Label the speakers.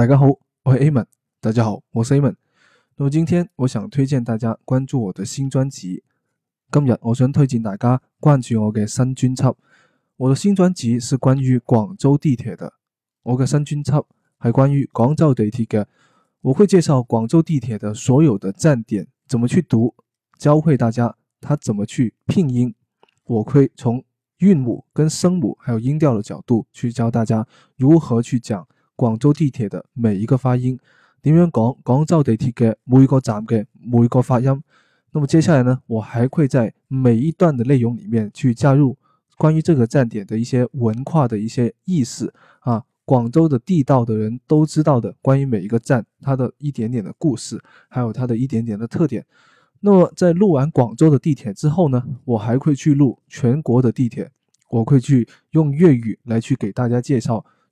Speaker 1: 大家好，我係 Aman。大家好，我係 Aman。咁今天我想推薦大家關注我的新專輯。今日我想推薦大家關注我嘅新專輯。我嘅新專輯是關於廣州地鐵嘅。我嘅新專輯係關於廣州地鐵嘅。我會介紹廣州地鐵的所有的站點，怎麼去讀，教會大家，他怎麼去拼音。我會從韻母、跟聲母，還有音調的角度去教大家如何去講。廣州地鐵的每一個發音點樣講？廣州地鐵嘅每個站的每個發音，那麼接下來呢，我還會在每一段的內容裏面去加入關於這個站點的一些文化的一些意思啊，廣州的地道的人都知道的關於每一個站它的一點點的故事，還有它的一點點的特點。那麼在錄完廣州的地鐵之後呢，我還會去錄全國的地鐵，我會去用粵語來去給大家介紹。